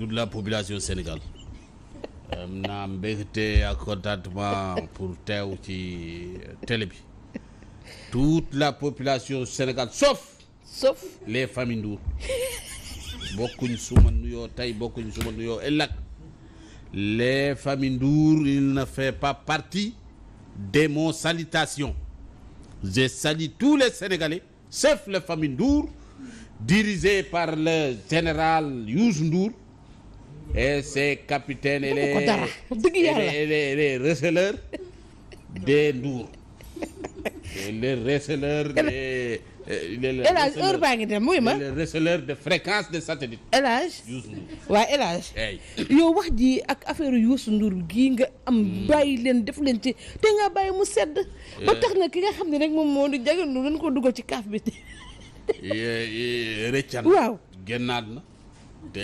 toute la population Sénégal am naa mbégte ak contentement pour teew ci télé bi toute la population Sénégal sauf. les familles Ndour bokkuñ suma nuyoo tey bokkuñ suma nuyoo ëllëg les familles Ndour il ne fait pas partie de mon salutation je salue tous les Sénégalais sauf les familles Ndour dirigées par le général Youssou Ndour et c'est capitaine et les dëgg yàlla et les les receleurs des Ndour les receleurs des. heure baa ngi dem mooy ma receleur de fréquence de satellite. El Hadj waaw El yow wax ji ak affaire Youssou Ndour gi nga am hmm. bàyyi leen def leen ci te nga bàyyi mu sedd eh. ba tax na ki nga xam ne rek moom moo di jagandu lañ ko dugal ci kaaf bi rëccan waaw na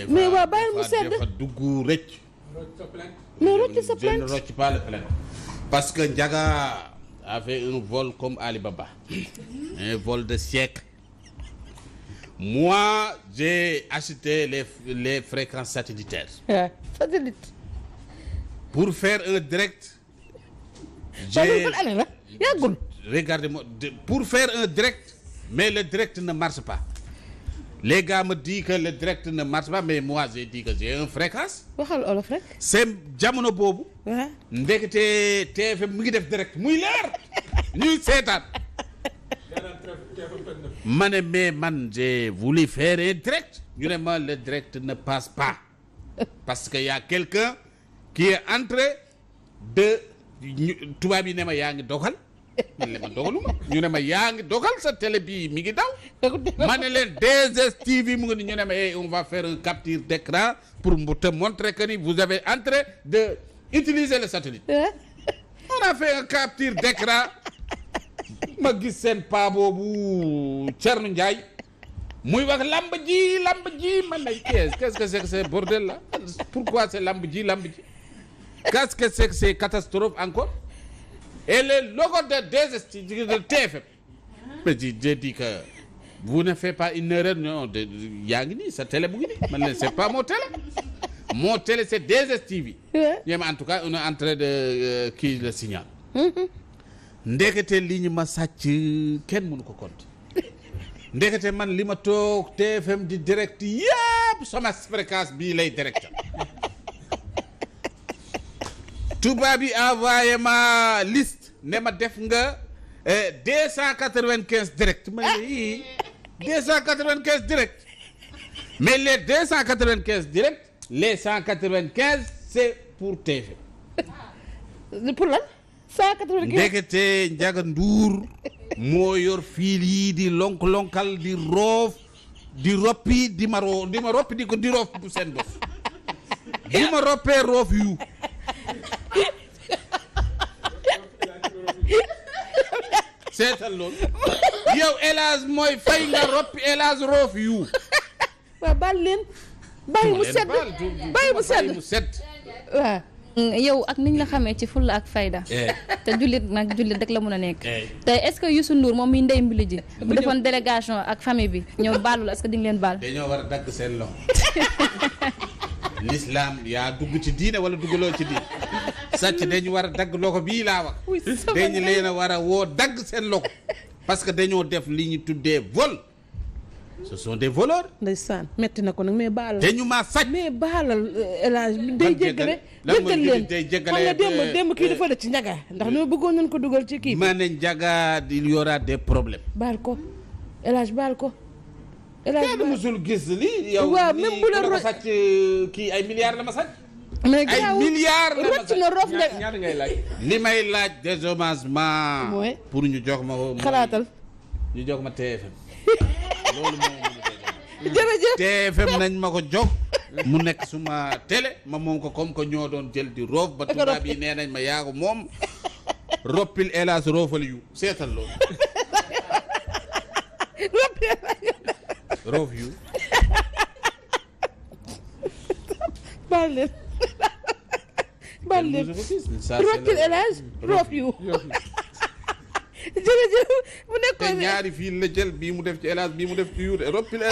mais waa bàyyi mu sedd dafa dugg mais rëcc pas la plainte parce que Ndiaga a un vol comme Alibaba un vol de siècle moi j'ai acheté les les fréquences satellitaires. pour faire un direct. j'ai regardez-moi pour faire un direct mais le direct ne marche pas. les gars me disent le direct na marche pas mais moi j'ai dit que j'ai un fréquence. waxal olof seen jamono boobu. waaw ndekete TFM mu ngi def direct muy leer ñuy seetaan. ma ne mais man j'ai voulu faire un direct. ñu ne ma le direct ne passe pas parce que yaa a quelqu'un qui est entré de tubaab yi ne ma yaa ngi dogal. man ma ñu ne ma yaa ngi dogal sa télé bii mi ngi daw. ma ne leen 2 mu ngi ni ñu ne ma eh on va faire un capture d'écran pour te montrer que ni vous avez en de utiliser le satellite. Eh? on a fait un capture d'écran ma gis seen paa boobu nu Ndiaye muy wax lamb ji lamb ji man lay qu'est-ce que c'est que ce bordel là pourquoi c'est lamb ji lamb ji qu'est-ce que c'est que encore. et les logos de 2STV de TFM mais j'ai dit que vous ne faites pas une erreur non yaa ngi nii sa télé bu ngi man leen c'est pas moo télé moo télé c'est 2STV ñoom en tout cas on est de euh, kii le signal ndekete li ñu ma sàcc kenn mënu ko compte ndekete man li ma toog TFM di direct yëpp sama fréquence bii lay direct tubaab yi envoyé ma liste ne ma def nga eh, deux cent quatre quinze direct ma ne yii quinze direct mais les deux cent quatre quinze les cent quatre-vingt-quinze c'est pour TV. pour lan cent moo yor fiil yi di lonk-lonkal di roof di roppi di ma roo di ma roppi di roof bu seen bos di ma roppee roof yu seetal loolu yow hélas mooy fay nga roppi hélas roof yu waaw baal leen bàyyi mu sedd bàyyi mu sedd mu mm, yow ak niñ la xamee ci fulla ak fayda eh. te jullit nag jullit rek la mun a nekk eh. te est-ce que Youssou Ndour moom muy ndey mbili ji bu defoon délégation ak famille bi ñëw baalu la est-ce leen baal dañoo war a dagg seen loxo l'islam yaa dugg ci diine wala duggaloo ci diine sàcc dañu war a dagg loxo bii laa wax dañu leen a war a woo dagg seen loxo parce que dañoo def li ñu tuddee vol ce sont des voleurs. ndeysaan metti na ko nag mais baalal. dañu maa sàcc mais baalal euh, élage day jéggale jéggal leen day jéggale nga démb démb kii dafa da ci njaga ndax li ma bëggoon ko dugal ci kii. ma ne njaga il y aura des problèmes. baal ko élage baal ko. élage baal kenn kii ay milliards la ma sàcc. mais garaawul ay milliards na ngay laaj. li may laaj dédommagement. mooy pour ñu jox ma. xalaatal ñu jox ma TFM. loolu moom jërëjëf TFM nañ ma ko jox. mu nekk suma télé ma moom ko comme que ñoo doon jël di roof ba tubaab yi nee nañ ma yaa ko moom. roppil hélas roofal yu seetal loolu. roof yu. baal leen. ban lépp rokkil El Hadj roof yu jërëjëf mu ñaari fii la jël bii mu def ci El Hadj bii mu def ci yuute roppil